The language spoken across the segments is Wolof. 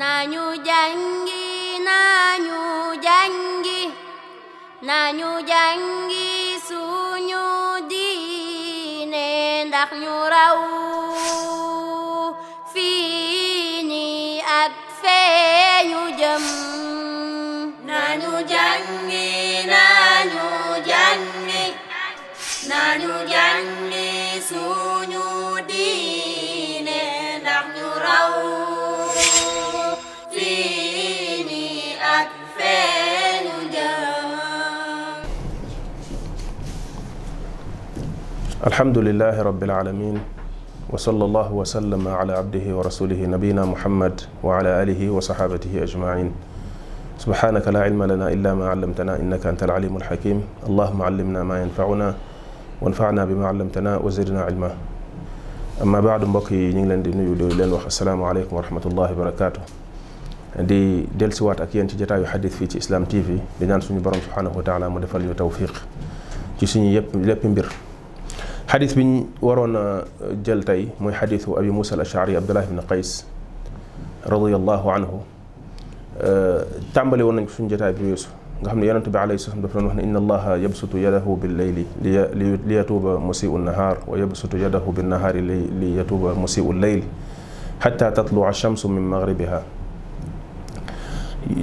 nañu jàngi nañu jàngi nañu jàngi suñu diine ndax ñu raw الحمد لله رب العالمين وصلى الله وسلم على عبده ورسوله نبينا محمد وعلى اله وصحابته اجمعين سبحانك لا علم لنا الا ما علمتنا انك انت العليم الحكيم اللهم علمنا ما ينفعنا وانفعنا بما علمتنا وزدنا علما اما بعد مبكي نيغلاند دي نيو دي لين السلام عليكم ورحمه الله وبركاته دي ديل سوات اك ينتي جتاي حديث في اسلام تي في دي نان سوني بروم سبحانه وتعالى مو ديفال نيو توفيق سي سوني ييب حديث بن ورونا جلتي مو حديث ابي موسى الاشعري عبد الله بن قيس رضي الله عنه أه، تعملي ونك في جتاي بن يوسف غامن يونت بي عليه الصلاه والسلام ان الله يبسط يده بالليل ليتوب مسيء النهار ويبسط يده بالنهار ليتوب مسيء الليل حتى تطلع الشمس من مغربها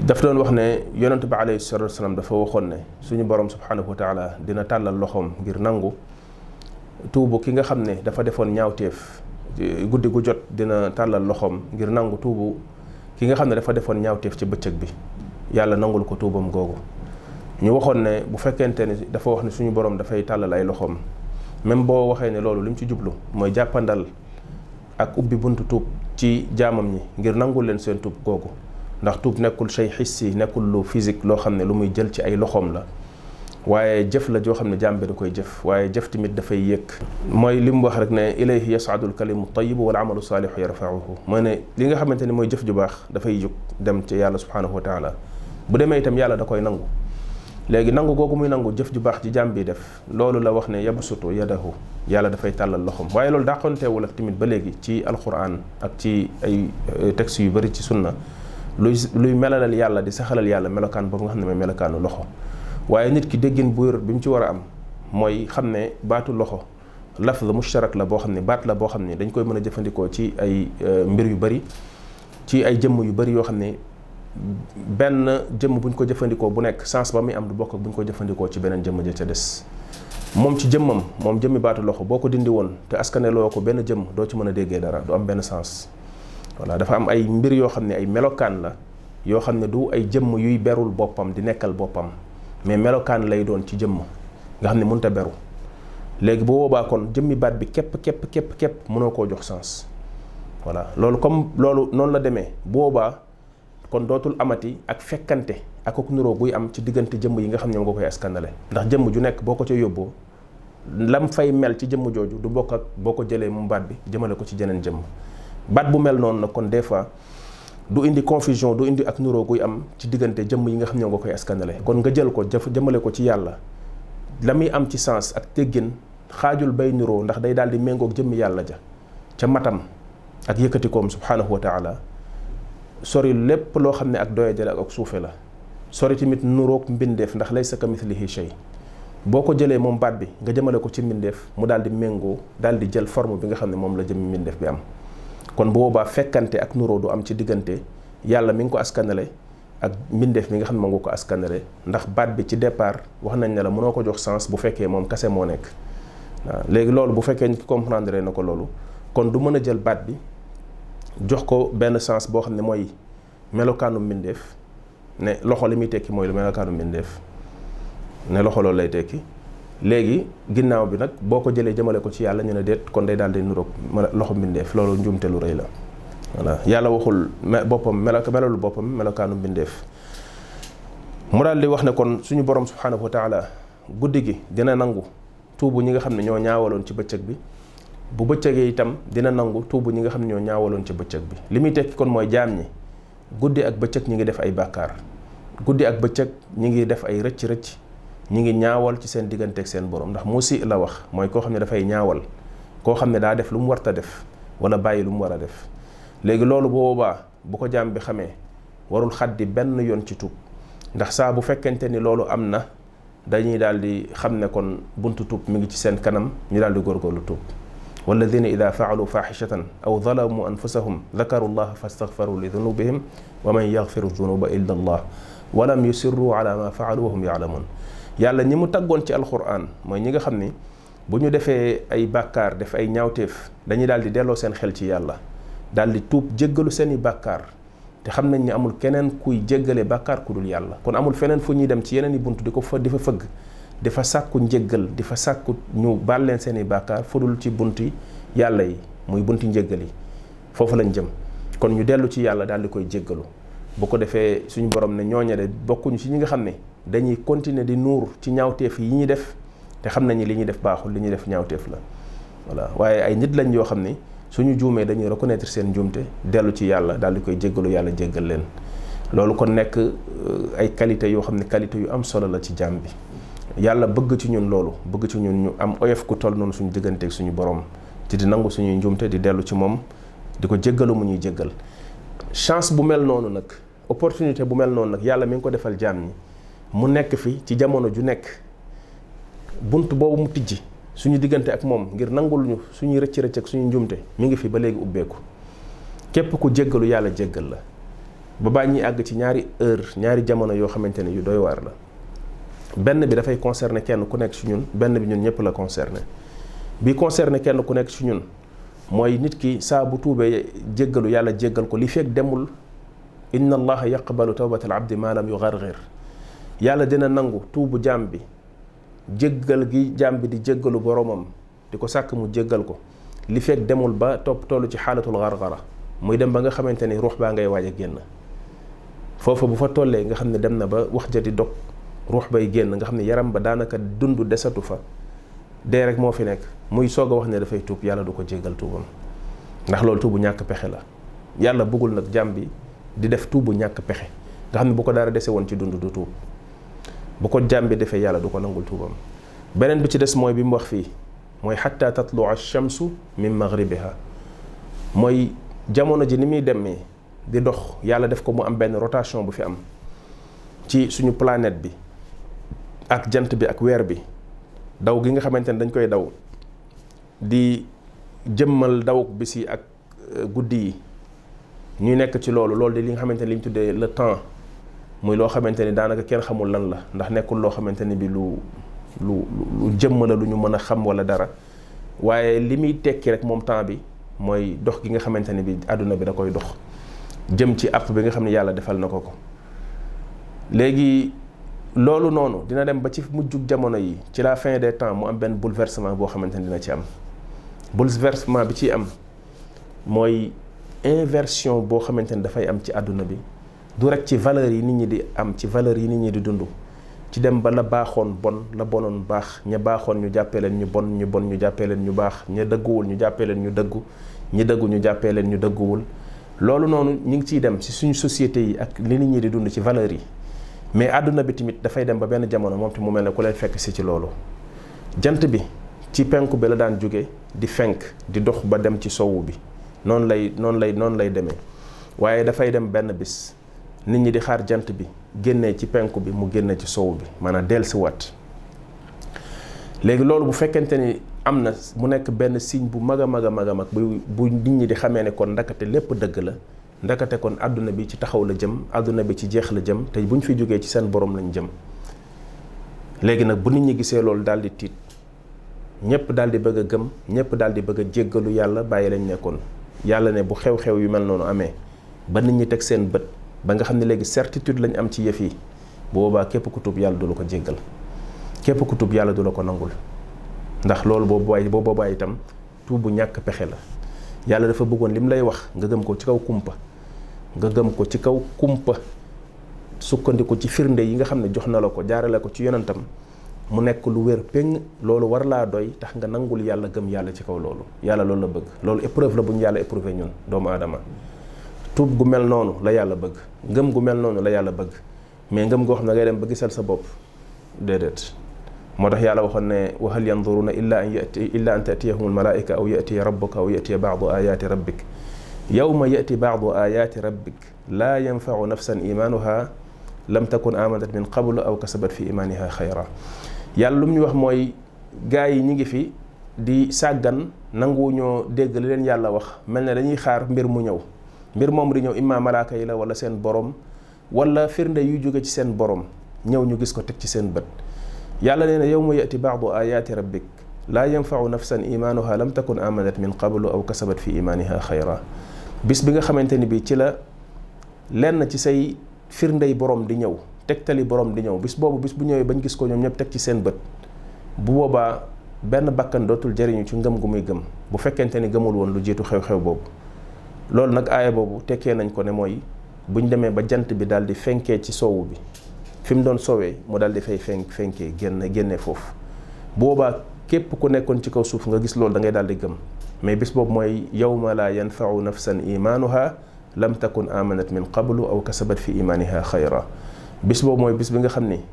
دفلون وخنا يونت بي عليه الصلاه والسلام دا فا وخون سوني بروم سبحانه وتعالى دينا تالال لخوم غير نانغو tuubu ki nga xam ne dafa defoon ñaawteef eh, guddi gu jot dina tàllal loxoom ngir nangu tuubu ki nga xam ne dafa defoon ñaawteef ci bëccëg bi yàlla nangul ko tuubam googu ñu waxoon ne bu fekkente ne dafa wax ne suñu borom dafay tàllal ay loxoom même boo waxee ne loolu li ci jublu mooy jàppandal ak ubbi buntu tuub ci jaamam ñi ngir nangul leen seen tuub googu ndax tuub nekkul shay xissi nekkul lu physique loo xam ne lu muy jël ci ay loxoom la waaye jëf la joo xam ne jaam bi da koy jëf waaye jëf tamit dafay yëg mooy li mu wax rek ne ilayhi yasaadul kalimu tayibu wal amalu saalihu yarfauhu moo ne li nga xamante ne mooy jëf ju baax dafay jóg dem ci yàlla subhanahu wa taala bu demee itam yàlla da koy nangu léegi nangu googu muy nangu jëf ju baax ji jaam def loolu la wax ne yabsutu yadahu yàlla dafay tàllal loxom waaye loolu dàqonteewul ak tamit ba léegi ci alquran ak ci ay textes yu bëri ci sunna luy luy melalal yàlla di saxalal yàlla melokaan boobu nga xam ne mooy waaye nit ki déggin bu wér bi mu ci war a am mooy xam ne baatu loxo laf la mushtarak la boo xam ne baat la boo xam ne dañ koy mën a jëfandikoo ci ay euh, mbir yu bari ci ay jëmm yu bari yoo xam ne benn jëmm buñ ko jëfandikoo bu nekk sens ba muy am du bokk buñ ko jëfandikoo ci beneen jëmm ja ca des moom ci jëmmam moom jëmmi baatu loxo boo ko dindi woon te askane ko benn jëmm doo ci mën a déggee dara du am benn sens voilà dafa am ay mbir yoo xam ne ay melokaan la yoo xam ne du ay jëmm yuy berul boppam di nekkal boppam mais melokaan lay doon ci jëmm nga xam ne mënut a beru léegi bu boobaa kon jëmmi baat bi képp képp képp képp mënoo koo jox sens voilà loolu comme loolu noonu la demee boobaa kon dootul amati ak fekkante ak ak nuroo guy am ci diggante jëmm yi nga xam ne ko koy askanale ndax jëmm ju nekk boo ko ca yóbboo lam fay mel ci jëmm jooju du bokk ak boo ko jëlee mu baat bi jëmale ko ci jeneen jëmm baat bu mel noonu nag kon des fois du indi confusion du indi ak nuroo guy am ci diggante jëmm yi nga xam ne nga koy askanale kon nga jël ko jëf jëmale ko ci yàlla la muy am ci sens ak teggin xaajul bay nuroo ndax day daal di méngoog jëmmi yàlla ja ca matam ak yëkkatikoom subhaanahu wa taala sori lépp loo xam ne ak doyadale ak ak suufe la sori tamit nuroog mbindeef ndax laysa ka mithlihi shay boo ko jëlee moom baat bi nga jëmale ko ci mbindeef mu daal di méngoo daal di jël forme bi nga xam ne moom la jëmmi mbindeef bi am kon bu boobaa fekkante ak nuróo du am ci diggante yàlla mi ngi ko askanale ak mbindeef mi nga xam ne moom nga ko askanale ndax baat bi ci départ wax nañ ne la mënoo ko jox sens bu fekkee moom kase moo nekk waaw léegi loolu bu fekkee ñu comprendre na ko loolu kon du mën a jël baat bi jox ko benn sens boo xam ne mooy melokaanu mbindeef ne loxo li muy tekki mooy lu melokaanu mbindeef ne loxo loolu lay tekki léegi ginnaaw bi nag boo ko jëlee jëmale ko ci yàlla ñu ne déet kon dey daal di nuroog loxo mbindeef loolu njuumte lu rëy la voilà yàlla waxul boppam melo melalu boppam melokaanu mbindeef mu daal di wax ne kon suñu borom subhanahu wa taala guddi gi dina nangu tuubu ñi nga xam ne ñoo ñaawaloon ci bëccëg bi bu bëccëgee itam dina nangu tuubu ñi nga xam ne ñoo ñaawaloon ci bëccëg bi li muy tekki kon mooy jaam ñi guddi ak bëccëg ñi ngi def ay bàkkaar guddi ak bëccëg ñi ngi def ay rëcc rëcc ñi ngi ñaawal ci seen diggante ak seen borom ndax muusi la wax mooy koo xam ne dafay ñaawal koo xam ne daa def lu mu warta def wala bàyyi lu mu war a def léegi loolu boobaa bu ko jaam bi xamee warul xaddi benn yoon ci tuub ndax saa bu fekkente ni loolu am na dañuy daal di xam ne kon buntu tuub mi ngi ci seen kanam ñu daal di góorgóorlu tuub والذين إذا فعلوا فاحشة أو ظلموا أنفسهم ذكروا الله فاستغفروا لذنوبهم ومن يغفر الذنوب إلا الله ولم يسروا walam ما فعلوا وهم يعلمون yàlla ñi mu taggoon ci alxuraan mooy ñi nga xam ni bu ñu defee ay bàkkaar def ay ñaawteef dañuy daal di delloo seen xel ci yàlla daal di tuub jéggalu seen i bàkkaar te xam nañ ni amul keneen kuy jéggale bàkkaar ku dul yàlla kon amul feneen fu ñuy dem ci yeneen i bunt di ko fa di fëgg di fa sàkku njéggal di fa sàkku ñu baal leen seen i bàkkaar fu dul ci bunti yàlla yi muy bunti njéggal yi foofu lañ jëm kon ñu dellu ci yàlla daal di koy jéggalu bu ko defee suñu borom ne ñooña bokkuñu ci ñi nga xam ne dañuy continuer di nuur ci ñaawteef yi ñuy def te xam nañu li ñuy def baaxul li ñuy def ñaawteef la voilà waaye ay nit lañ yoo xam ni suñu juumee dañuy reconnaître seen njuumte dellu ci yàlla daal di koy jéggalu yàlla jéggal leen loolu kon nekk euh, ay qualité yoo xam ne qualité yu am solo la ci jaam bi yàlla bëgg ci ñun loolu bëgg ci ñun ñu am oyof ku toll noonu suñu digganteeg suñu borom ci di nangu suñuy njuumte di dellu ci moom di ko jéggalu mu ñuy jéggal chance bu mel noonu nag opportunité bu mel noonu nag yàlla mi ngi ko defal jaam ñi mu nekk fi ci jamono ju nekk bunt boobu mu tijji suñu diggante ak moom ngir nangul ñu suñuy rëcc rëcc ak suñu njumte mu ngi fi ba léegi ubbeeku képp ku jéggalu yàlla jéggal la ba bàyyi ñuy àgg ci ñaari ñaari jamono yoo xamante ne yu doy waar la benn bi dafay concerner kenn ku nekk ci ñun benn bi ñun ñëpp la concerner bi concerner kenn ku nekk ci ñun mooy nit ki saa bu tuubee jéggalu yàlla jéggal ko li fekk demul inna allaha yaqbalu tawbata al abdi ma lam yugargir yàlla dina nangu tuubu jambi bi gi jambi di jéggalu boromam diko sak mu jéggal ko li fek demul ba top tolu ci halatul xarxara muy dem ba nga xamanteni ruh ba ngay waja génn fofu bu fa tolle nga xamne dem na ba wax jati dok ruh bay génn nga xamne yaram ba danaka dundu desatu fa de rek mo fi nek muy soga wax ne fay tuub yàlla duko ko jéggal tuubam ndax loolu tuubu ñak pexe la yàlla bugul nak jambi di def tuubu ñak pexe nga xamne bu ko dara dese ci dundu du tuub بوكو جامبي ديفا يالا دوكو نانغول توبام بنين بي سي ديس موي بيم موي حتى تطلع الشمس من مغربها موي جامونو جي نيمي ديمي دي دوخ يالا ديف كو مو ام بن روتاسيون بو في ام تي سونو بلانيت بي اك جانت بي اك وير بي داو غيغا خامتاني دنج كوي داو دي جمال داوك بيسي اك غودي ني نيك تي لولو لول دي ليغا خامتاني لي تودي لو تان muy loo xamante ni daanaka kenn xamul lan la ndax nekkul loo xamante ni bi lu lu lu jëmm la lu ñu mën a xam wala dara waaye li muy tekki rek moom temps bi mooy dox gi nga xamante ni bi àdduna bi da koy dox jëm ci app bi nga xam ne yàlla defal na ko ko léegi loolu noonu dina dem ba ci mujjug jamono yi ci la fin des temps mu am benn bouleversement boo xamante ni dina ci am bouleversement bi ciy am mooy inversion boo xamante ni dafay am ci àdduna bi du rek ci valeur yi nit ñi di am ci valeur yi nit ñi di dund ci dem ba la baaxoon bon la bonoon baax ña baaxoon ñu jàppee leen ñu bon ñu bon ñu jàppee leen ñu baax ña dëgguwul ñu jàppee leen ñu dëggu ñi dëggu ñu jàppee ñu dëgguwul loolu noonu ñu ngi ciy dem si suñu société yi ak li nit ñi di dund ci valeur yi mais àdduna bi tamit dafay dem ba benn jamono moom te mu mel ne ku leen fekk si ci loolu jant bi ci penku bi la daan jóge di fenk di dox ba dem ci sowu bi noonu lay noonu lay noonu lay demee waaye dafay dem benn bis nit ñi di xaar jant bi génne ci penku bi mu génne ci sowu bi maanaam dellusiwaat léegi loolu bu fekkente ni am na mu nekk benn signe bu mag a mag a mag a mag bu bu nit ñi di xamee ne kon ndakate lépp dëgg la ndakate kon àdduna bi ci taxaw la jëm àdduna bi ci jeex la jëm te bu ñu fi jógee ci seen borom lañ jëm léegi nag bu nit ñi gisee loolu daal di tiit ñëpp daal di bëgg a gëm ñëpp daal di bëgg a jéggalu yàlla bàyyi lañ nekkoon yàlla ne bu xew-xew yu mel noonu amee ba nit ñi teg seen bët. ba nga xam ne léegi certitude lañu am ci yëf yi boobaa képp ku tub yàlla du la ko jéggal képp kutub yàlla du la ko nangul ndax loolu boo bàyyi boo boobaa itam tuub bu ñàkk pexe la yàlla dafa bëggoon lim lay wax nga gëm ko ci kaw kumpa nga gëm ko ci kaw kumpa sukkandiku ci firnde yi nga xam ne jox na la ko jaarale ko ci yonentam mu nekk lu wér péng loolu war laa doy tax nga nangul yàlla gëm yàlla ci kaw loolu yàlla loolu la bëgg loolu épreuve la bu ñu yàlla éprouvé ñun doomu aadama tuub gu mel noonu la yàlla bëgg ngëm gu mel noonu la yàlla bëgg mais ngëm go xam ne ngay dem ba gisal sa bop dedet motax yàlla waxon ne wa hal yanzuruna illa an yati illa an tatiyahum al malaika aw yati rabbuka aw yati ba'd ayati rabbik yawma yati ba'd ayati rabbik la yanfau nafsan imaanuha lam takun amanat min qablu aw kasabat fi imaaniha khayra yàlla lu mu ñu wax moy gaay yi ñi ngi fi di sàggan nanguwu ñoo dégg li len yàlla wax mel dañuy xaar mbir mu ñëw mbir mom di ñëw imma malaaka yi la wala seen borom wala firnde yu jóge ci seen borom ñëw ñu gis ko tek ci seen bët yàlla neena yawma yati ba'du ayati rabbik la yanfa'u nafsan imanuha lam takun amanat min qablu aw kasabat fi imaaniha khayra bis bi nga xamanteni bi ci la lenn ci say firnde borom di ñëw tegtali borom di ñëw bis bobu bis bu ñewé bañ gis ko ñom ñep tek ci seen bët bu boba ben bakkan dotul jariñu ci ngam gu muy gëm bu fekkente gëmul lu jitu xew-xew bobu loolu nag aaya boobu tekkee nañ ko ne mooy bu ñu demee ba jant bi daal di fenkee ci soowu bi fi mu doon soowee mu daal di fay fenk fenkee génn génnee foofu boobaa képp ku nekkoon ci kaw suuf nga gis loolu da ngay daal di gëm mais bis boobu mooy yow yawma laa yanfau nafsan imaanuha lam takun amanat min qablu aw kasabat fi imaaniha xayra bis boobu mooy bis bi nga xam ni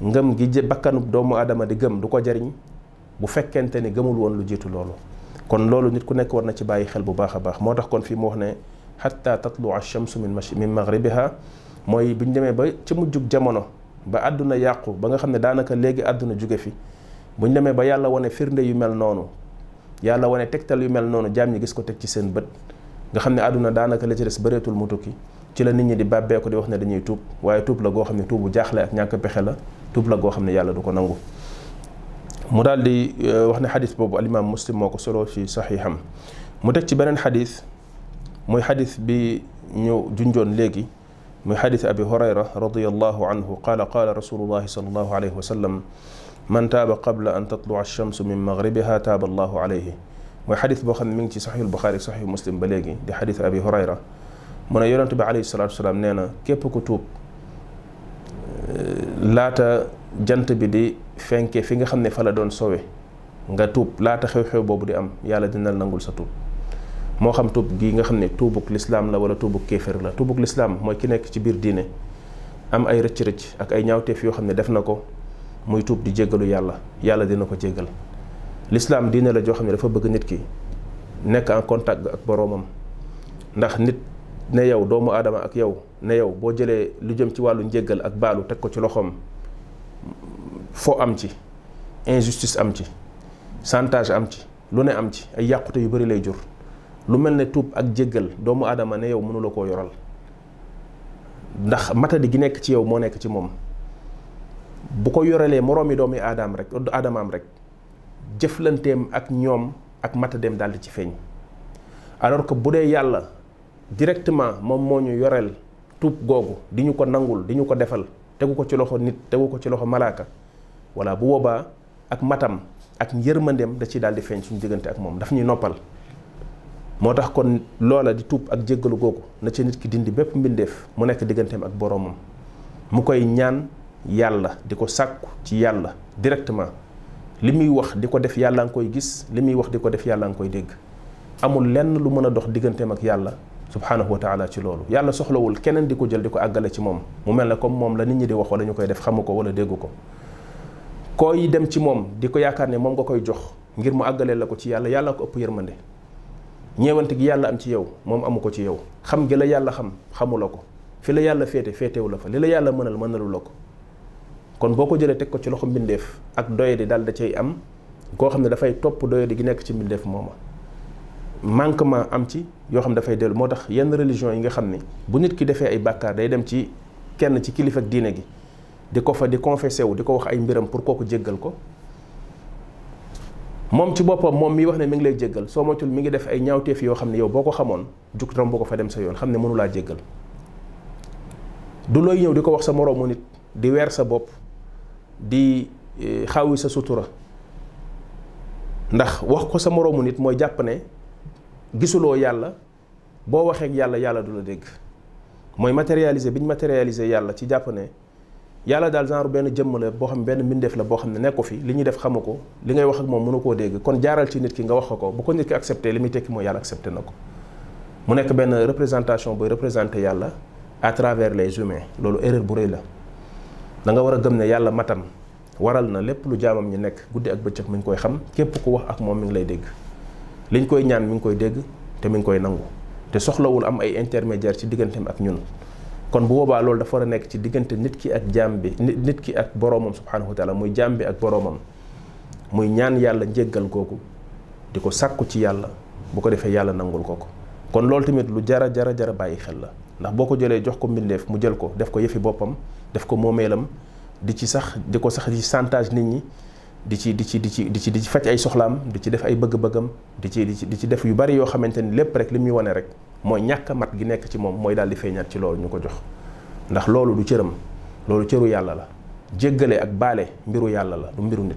ngëm gi bakkanub doomu aadama di gëm du ko jariñ bu fekkente ni gëmul woon lu jiitu loolu kon loolu nit ku nekk war na ci bàyyi xel bu baax a baax moo tax kon fi mu wax ne xatta tatlu achamsu min min maghribiha mooy bu ñu demee ba ci mu mujjug jamono ba àdduna yàqu ba nga xam ne daanaka léegi àdduna jóge fi bu ñu demee ba yàlla wane firnde yu mel noonu yàlla wane tegtal yu mel noonu jaam ñi gis ko teg ci seen bët nga xam ne àdduna daanaka la ci des bëreetul mu tukki ci la nit ñi di bàbbee ko di wax ne dañuy tuub waaye tuub la goo xam ne tuubu jaaxle ak ñàkk pexe la tuub la goo xam ne yàlla du ko nangu مودال دي واخني حديث بوب الامام مسلم مكو سولو في صحيحه مو تك سي بنن حديث موي حديث بي نيو جونجون لغي موي حديث ابي هريره رضي الله عنه قال قال رسول الله صلى الله عليه وسلم من تاب قبل ان تطلع الشمس من مغربها تاب الله عليه موي حديث بو خن مينتي صحيح البخاري صحيح مسلم بلغي دي حديث ابي هريره من يونت عليه الصلاه والسلام نينا كيب كو توب لاتا jant bi di fenkee fi nga xam ne fa la doon sowe nga tuub laata xew-xew boobu di am yàlla dina nangul sa tuub moo xam tuub gi nga xam ne tuubuk lislaam la wala tuubuk kéefér la tuubuk lislaam mooy ki nekk ci biir diine am ay rëcc-rëcc ak ay ñaawteef yoo xam ne def na ko muy tuub di jéggalu yàlla yàlla dina ko jéggal lislaam diine la joo xam ne dafa bëgg nit ki nekk en contact ak boroomam ndax nit ne yow doomu aadama ak yow ne yow boo jëlee lu jëm ci wàllu njéggal ak baalu teg ko ci loxoom fo am ci injustice am ci chantage am ci lu ne am ci ay yàqute yu bari lay jur lu mel ne tuub ak jéggal doomu aadama ne yow mënula koo yoral ndax matadi gi nekk ci yow moo nekk ci moom bu ko yoralee moroomi doomi aadaam rek aadamaam rek jëflanteem ak ñoom ak matadeem daldi ci feeñ alors que bu dee yàlla directement moom moo ñu yoreel tuub googu di ñu ko nangul di ñu ko defal tegu ko ci loxo nit tegu ko ci loxo malaaka wala bu boobaa ak matam ak yërmandeem da ciy daal di feeñ suñu diggante ak moom dafa ñuy noppal moo tax kon loola di tub ak jéggalu googu na ci nit ki dindi bépp mbindeef mu nekk digganteem ak boroomam mu koy ñaan yàlla di ko sàkku ci yàlla directement li muy wax di ko def yàlla nga koy gis li muy wax di ko def yàlla nga koy dégg amul lenn lu mën a dox digganteem ak yàlla subhaanahu wa taala ci loolu yàlla soxlawul keneen di ko jël di ko àggale ci moom mu mel ne comme moom la nit ñi di wax wala koy def xamu ko wala déggu ko koy dem ci moom di ko yaakaar ne moom nga koy jox ngir mu àggalee la ko ci yàlla yàlla ko ëpp yërmande ñeewante gi yàlla am ci yow moom amu ko ci yow xam gi la yàlla xam xamu ko fi la yàlla féete féetewu la fa li la yàlla mënal mënalu la ko kon boo ko jëlee teg ko ci loxo mbindeef ak doyadi daal da cay am koo xam ne dafay topp doyadi gi nekk ci mbindeef mooma manquement am ci yoo xam ne dafay dellu moo tax yenn religion yi nga xam ne bu nit ki defee ay bàkkaar day dem ci kenn ci kilifa ak gi di ko fa di confessé wu di ko wax ay mbiram pour kooku jéggal ko moom ci boppam moom mi wax na mi ngi lay jéggal soo moytul mi ngi def ay ñaawteef yoo xam ne yow boo ko xamoon jug romb ko fa dem sa yoon xam ne mënulaa jéggal du looy ñëw di ko wax sa moroomu nit di weer sa bopp di eh, xaawi sa sutura ndax wax ko sa moroomu nit mooy jàpp ne gisuloo yàlla boo waxee yàlla yàlla du la dégg mooy matérialiser bi ñu matérialiser yàlla ci jàpp ne yàlla daal genre benn jëmm la boo xam benn mbindeef la boo xam ne nekku fi li ñuy def xamu ko li ngay wax ak moom mënu koo dégg kon jaaral ci nit ki nga wax ko ko nit ki accepté li muy tekki mooy yàlla accepté na ko mu nekk benn représentation buy représenté yàlla à travers les humains loolu erreur bu rëy la da nga war a gëm ne yàlla matam waral na lépp lu jaamam ñi nekk guddi ak bëccëg mi ngi koy xam képp ku wax ak moom mi ngi lay dégg liñ koy ñaan mi ngi koy dégg te mi ngi koy nangu te soxlawul am ay intermédiaire ci digganteem ak ñun kon bu boobaa loolu dafa war a nekk ci diggante nit ki ak jaam bi nit ki ak boroomam subhaanahu wa taala muy jaam bi ak boroomam muy ñaan yàlla njéggal kooku di ko sàkku ci yàlla bu ko defee yàlla nangul ko ko kon loolu tamit lu jara jara jara bàyyi xel la ndax boo ko jëlee jox ko mbindeef mu jël ko def ko yëfi boppam def ko moomeelam di ci sax di ko sax di chantage nit ñi di ci di ci di ci di ci di ci faj ay soxlaam di ci def ay bëgg-bëggam di ci di ci di ci def yu bari yoo xamante ni lépp rek li muy wane rek mooy ñàkk mat gi nekk ci moom mooy daal di feeñaat ci loolu ñu ko jox ndax loolu du cëram loolu cëru yàlla la jéggale ak baale mbiru yàlla la du mbiru nit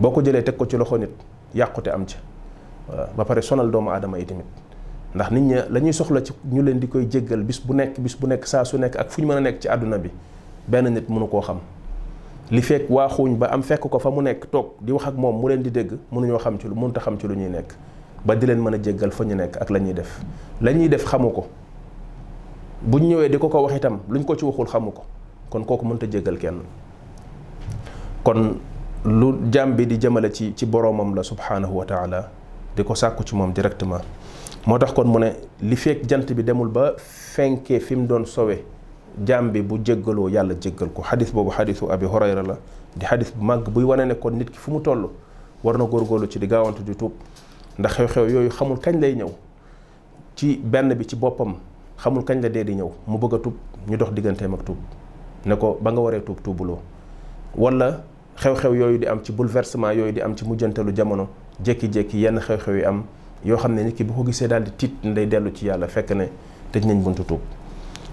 boo ko jëlee teg ko ci loxo nit yàqute am ca ba pare sonal doomu aadama yi tamit ndax nit ñi la ñuy soxla ci ñu leen di koy jéggal bis bu nekk bis bu nekk saa su nekk ak fu ñu mën a nekk ci àdduna bi benn nit mënu koo xam li fekk waaxuñ ba am fekk ko fa mu nekk toog di wax ak moom mu leen di dégg mënuñoo xam ci lu mënta xam ci lu ñuy nekk ba di leen mën a jéggal fa ñu nekk ak la ñuy def lañuy def xamu ko buñ ñëwee di ko ko wax itam luñ ko ci waxul xamu ko kon kooku a jéggal kenn kon lu jaam bi di jëmale ci ci boroomam la subhaanahu wa taala di ko sàkku ci moom directement moo tax kon mu ne li fekk jant bi demul ba fenkee fi mu doon sowe jaam bi bu jëggaloo yàlla jéggal ko xadis boobu xadisu abi horayra la di xadis bu màgg buy wane ne kon nit ki fu mu toll war na góorlu ci di gaawantu di tuub ndax xew-xew yooyu xamul kañ lay ñëw ci benn bi ci boppam xamul kañ la dee di ñëw mu bëgg a tuub ñu dox digganteem ak tuub ne ko ba nga waree tuub tuubuloo walla xew-xew yooyu di am ci bouleversement yooyu di am ci mujjantalu jamono jékki-jékki yenn xew-xew yi am yoo xam ne nit ki bu ko gisee daal di tiit ne dellu ci yàlla fekk ne tëj nañ buntu tuub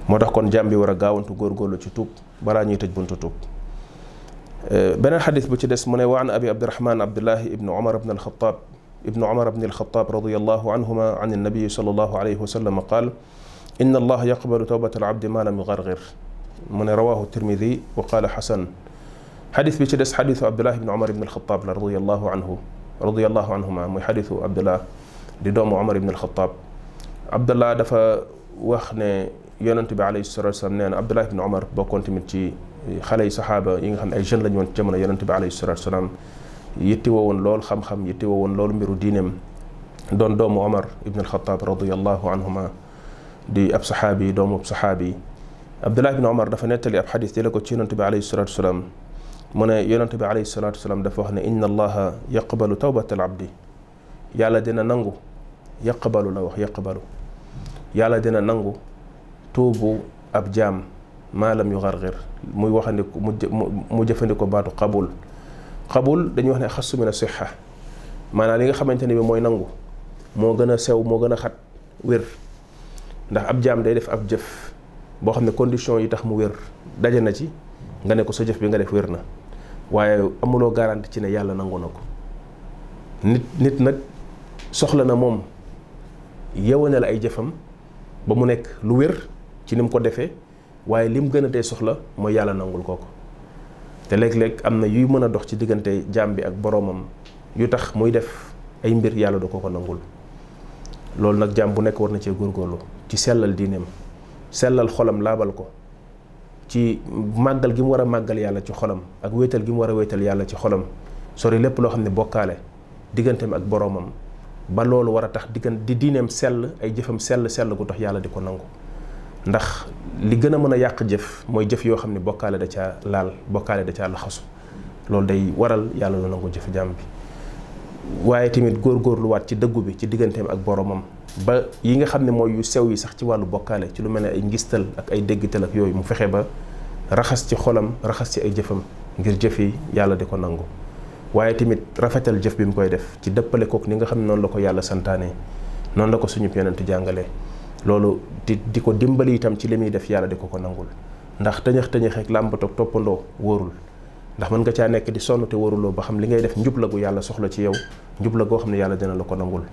motax kon jambi wara gawantu gor gaawantu góorgóorlu ci tup balaa ñuy tëj buntu tup benen hadith bu ci dess muné wa an abi abdurrahman abdullah ibn umar ibn al-khattab ibn umar ibn al-khattab radiyallahu anhuma an an-nabi sallallahu alayhi wa sallam qal ان الله يقبل توبه العبد ما لم يغرغر من رواه الترمذي وقال حسن حديث xasan xadis bi ci des xadisu abdullahi ibnu omar ibn alxataab la radiallahu anhu radiallahu anhuma muy xadisu abdullah di doomu omar ibn alxataab abdullah dafa wax ne yonent bi alayhi salatu wasalam nee na abdullah ibn omar bokkoon tamit ci xale yi saxaaba yi nga xam ne ay jeune lañu woon ci jamono yonent bi alayhi salatu wasalam yitti woo woon xam-xam yitti woo woon mbiru diineem doon doomu omar ibn khattab radiallahu anhuma di ab saxaabi doomu saxaabi abdullah ibn omar dafa nettali ab xadis jële ko ci yonent bi alayhi salatu wasalam mu ne yonent bi alayhi salatu wasalam dafa wax ne inna allaha yaqbalu tawbata al abdi yàlla dina nangu yaqbalu la wax yaqbalu yàlla dina nangu tuubu ab jaam maalam yu xarxir muy waxandiku mu jëfandikoo baatu qabul qabul dañuy wax ne xasu min a sixa maanaam li nga xamante ne bi mooy nangu moo gën a sew moo gën a xat wér ndax ab jaam day def ab jëf boo xam ne condition yi tax mu wér daje na ci nga ne ko sa jëf bi nga def wér na waaye amuloo garanti ci ne yàlla nangu na ko nit nit nag soxla na moom yewanal ay jëfam ba mu nekk lu wér ci ni mu ko defee waaye li mu gën a tey soxla mooy yàlla nangul kooku te léeg-léeg am na yuy mën a dox ci diggante jaam bi ak boroomam yu tax muy def ay mbir yàlla du ko ko nangul loolu nag jaam bu nekk war na cee góorgóorlu ci sellal diineem sellal xolam laabal ko ci màggal gi mu war a màggal yàlla ci xolam ak wéetal gi mu war a wéetal yàlla ci xolam sori lépp loo xam ne bokkaale digganteem ak boroomam ba loolu war a tax diggan di diineem sell ay jëfam sell sell gu tax yàlla di ko nangu ndax li gën a mën a yàq jëf mooy jëf yoo xam ne bokkaale da caa laal bokkaale da caa laxasu loolu day waral yàlla lu nangu jëf jàmm bi waaye tamit góorgóorluwaat ci dëggu bi ci digganteem ak boromam ba yi nga xam ne mooy yu sew yi sax ci wàllu bokkaale ci lu mel ne ay ngistal ak ay déggtal ak yooyu mu fexe ba raxas ci xolam raxas ci ay jëfam ngir jëf yi yàlla di ko nangu waaye tamit rafetal jëf bi mu koy def ci dëppale kook ni nga xam ne noonu la ko yàlla santaane noonu la ko suñu yonent jàngalee loolu di di ko dimbali itam ci li muy def yàlla di ko ko nangul ndax tëñëx tëñëx ak làmb toppandoo wóorul ndax mën nga caa nekk di sonn te wóoruloo ba xam li ngay def njub la gu soxla ci yow njub la xam ne yàlla dina la ko nangul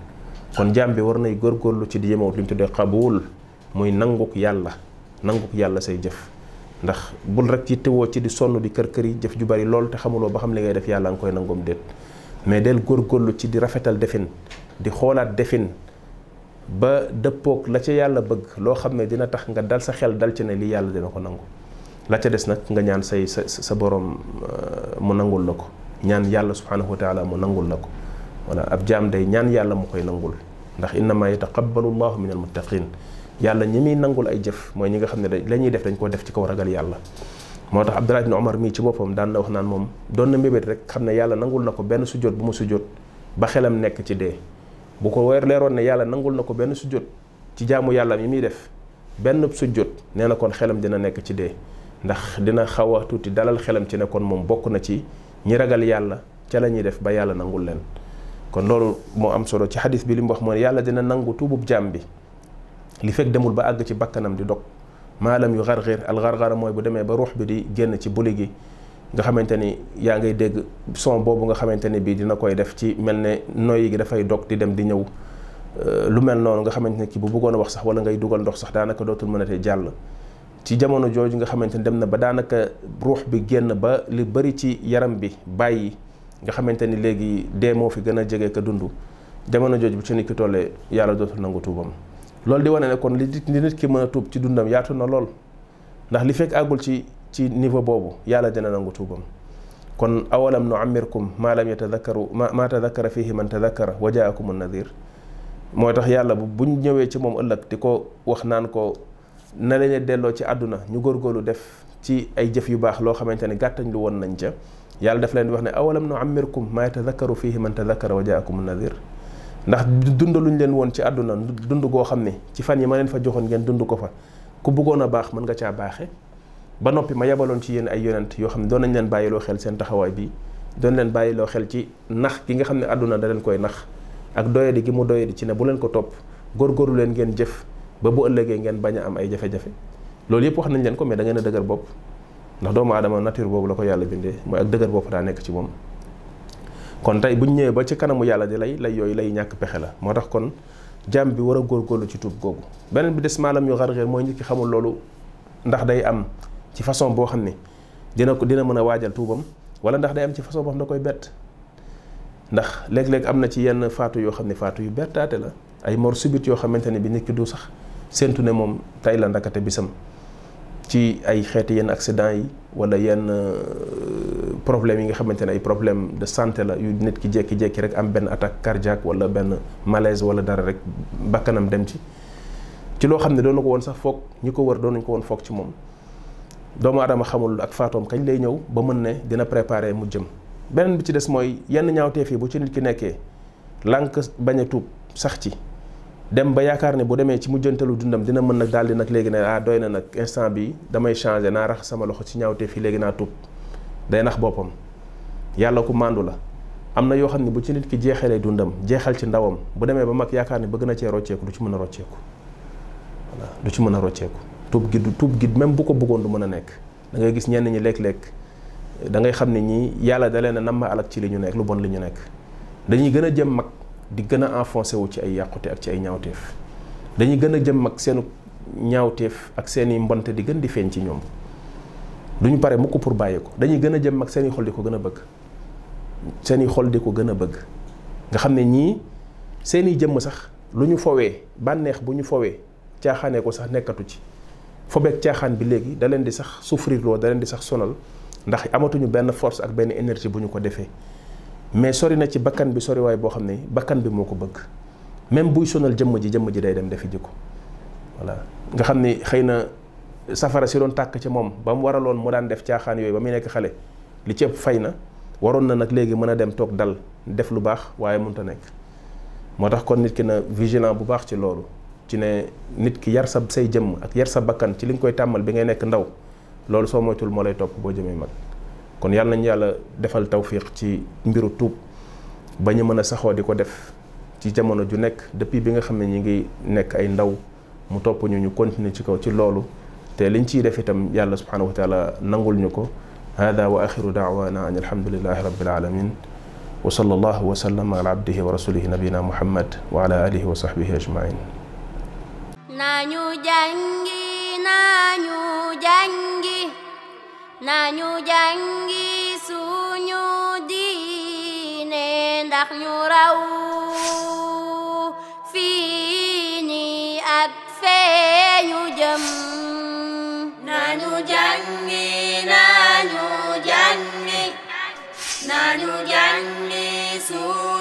kon jaam bi war nay góorgóorlu ci di yemoo li ñu tuddee xabuwul muy nanguk yàlla nanguk yàlla say jëf ndax bul rek ci tewoo ci di sonn di kër kër yi jëf ju bari lool te xamuloo ba xam li ngay def yàlla nga koy nangoom déet mais del góorlu ci di rafetal defin di xoolaat defin ba dëppook la ca yàlla bëgg loo xam ne dina tax nga dal sa xel dal ci ne lii yàlla dina ko nangu la ca des nag nga ñaan say sa sa borom euh, mu nangul la ko ñaan yàlla subhaanahu wa taala mu nangul la ko wala ab jaam day ñaan yàlla mu koy nangul ndax innama yataqabbalu llahu min almuttaqin yàlla ñi muy nangul ay jëf mooy ñi nga xam ne la ñuy def dañ koo def ci kaw ragal yàlla moo tax Abdullah ibn Omar mii ci boppam daan na wax naan moom doon na mbébét rek xam ne yàlla nangul na ko benn sujjóot bu ma sujjóot ba xelam nekk ci dee bu ko weer leeroon ne yàlla nangul na ko benn sujjóot ci jaamu yàlla yi muy def benn sujjóot nee na kon xelam dina nekk ci dee ndax dina xaw a tuuti dalal xelam ci ne kon moom bokk na ci ñi ragal yàlla ca la ñuy def ba yàlla nangul leen kon loolu moo am solo ci xadis bi li mu wax mooy yàlla dina nangu tuubub jaam bi li fekk demul ba àgg ci bàkkanam di dog maalam yu xarxir al xarxara mooy bu demee ba ruux bi di génn ci buli gi nga xamante ni yaa ngay dégg son boobu nga xamante ni bii dina koy def ci mel ne noyyi gi dafay dog di dem di ñëw euh, lu mel noonu nga xamante ne kii bu bëggoon a wax sax wala ngay dugal ndox sax daanaka dootul mënatee jàll ci jamono jooju nga xamante ni dem na ba daanaka ruux bi génn ba li bëri ci yaram bi bàyyi nga xamante ni léegi dee moo fi gën a jege ka dund jamono jooju bu ci nit ki tollee yàlla dootul nangu tuubam loolu di wane ne kon li nit ki mën a tuub ci dundam yaatu na lool ci niveau boobu yàlla dina nangu tuubam kon awalam nu amirkum maa lam yatadakkaru maa tadakkara fihi man tadakkara wa jaakumu nadir mooy tax yàlla bu buñ ñëwee ci moom ëllëg di ko wax naan ko na leen delloo ci àdduna ñu góorgóorlu def ci ay jëf yu baax loo xamante ne gàttañ lu woon nañ ca yàlla daf leen wax ne awalam nu amirkum maa yatadakkaru fihi man tadakkara wa jaakumu nadir ndax dundaluñ leen woon ci àdduna dund goo xam ne ci fan yi ma leen fa joxoon ngeen dund ko fa ku buggoon a baax mën nga caa baaxe ba noppi ma yebaloon ci yéen ay yonent yoo xam ne doon nañ leen bàyyiloo xel seen taxawaay bi doon leen bàyyiloo xel ci nax gi nga xam ne àdduna da leen koy nax ak doyadi gi mu doyadi ci ne bu leen ko topp góorgóorlu leen ngeen jëf ba bu ëllëgee ngeen bañ a am ay jafe-jafe loolu yëpp wax nañ leen ko mais da ngeen a dëgër bopp ndax doomu aadama nature boobu la ko yàlla bindee mooy ak dëgër bopp daa nekk ci moom kon tey buñ ñëwee ba ci kanamu yàlla di lay lay yooyu lay ñàkk pexe la moo tax kon jàmm bi war a góorgóorlu ci tuub googu beneen bi des maalam yu xarxéer mooy nit ki xamul loolu ndax day am ci façon boo xam ne dina ko dina mën a waajal tuubam wala ndax day am ci façon boo xam da koy bett ndax léeg-léeg am na ci yenn faatu yoo xam ne faatu yu bertaate la ay mort subite yoo xamante ne bi nit ki du sax séntu ne moom tay la ndakate bisam ci ay xeeti yenn accident yi wala yenn euh, problème yi nga xamante ne ay problème de santé la yu nit ki jékki-jékki rek am benn attaque cardiaque wala benn malaise wala dara rek bakkanam dem ci ci loo xam ne doonu ko woon sax foog ñi ko war wër doonuñ ko woon foog ci moom doomu aadama xamul ak faatoom kañ lay ñëw ba mën ne dina préparer mu jëm beneen bi ci des mooy yenn ñaawteef yi bu ci nit ki nekkee lànk bañ a sax ci dem ba yaakaar ne bu demee ci mujjantalu dundam dina mën nag daal di nag léegi ne ah doy na nag instant bi damay changé naa rax sama loxo ci ñaawteef yi léegi naa tuub day nax boppam yàlla ku màndu la am na yoo xam ne bu ci nit ki jeexalee dundam jeexal ci ndawam bu demee ba mag yaakaar ne bëgg na cee rocceeku du ci mën a rocceeku voilà du mën a rocceeku tuub gi du tuub gi même bu ko bëggoon du mën a nekk da ngay gis ñenn ñi léeg lekk da ngay xam ne ñii yàlla dalee na a namm ci li ñu nekk lu bon li ñu nekk dañuy gën a jëm mag di gën a enfoncé wu ci ay yàqute ci ay ñaawteef dañuy gën a jëm mag seenu ñaawteef ak seeni mbonte di gën di feeñ ci ñoom duñu pare mukk pour bàyyi ko dañuy gën a jëm mag seeni xol di ko gën a bëgg seeni xol di ko gën a bëgg nga xam ne ñii seeni jëmm sax lu ñu foowee bànneex bu ñu foowee caaxaanee ko sax nekkatu ci fobek caaxaan bi léegi da len di sax souffrir lo da len di sax sonal ndax amatu ñu ben force ak ben énergie buñu ko defé mais sori na ci bakkan bi sori way bo xamné bakkan bi moko bëgg même buy sonal jëm ji jëm ji day dem defi ji ko voilà nga xamné xeyna safara si doon tak ci mom bam waralon mu daan def caaxaan yoy ba nek xale li ci ëpp fay na waroon na nag léegi mën dem tok dal def lu bax waye mënta nek motax kon nit ki na vigilant bu bax ci lolu ci ne nit ki yar sa say jëmm ak yar sa bakkan ci li nga koy tàmmal bi ngay nekk ndaw loolu soo moytul moo lay topp boo jëmee mag kon yàlla nañu yàlla defal tawfiq ci mbiru tuub ba ñu mën a saxoo di ko def ci jamono ju nekk depuis bi nga xam ne ñu ngi nekk ay ndaw mu topp ñu ñu continuer ci kaw ci loolu te liñ ciy def itam yàlla subhanahu wa taala nangul ñu ko hada waa axiru daawana an alhamdulilahi rabbil alamin wa sallallahu wa sallama ala abdihi wa rasulihi nabiyina muhammad wa ala alihi wa sahbihi ajmain nañu jàngi nañu jàngi nañu jàngi suñu diine ndax ñu raw fii ni ak fee ñu jëm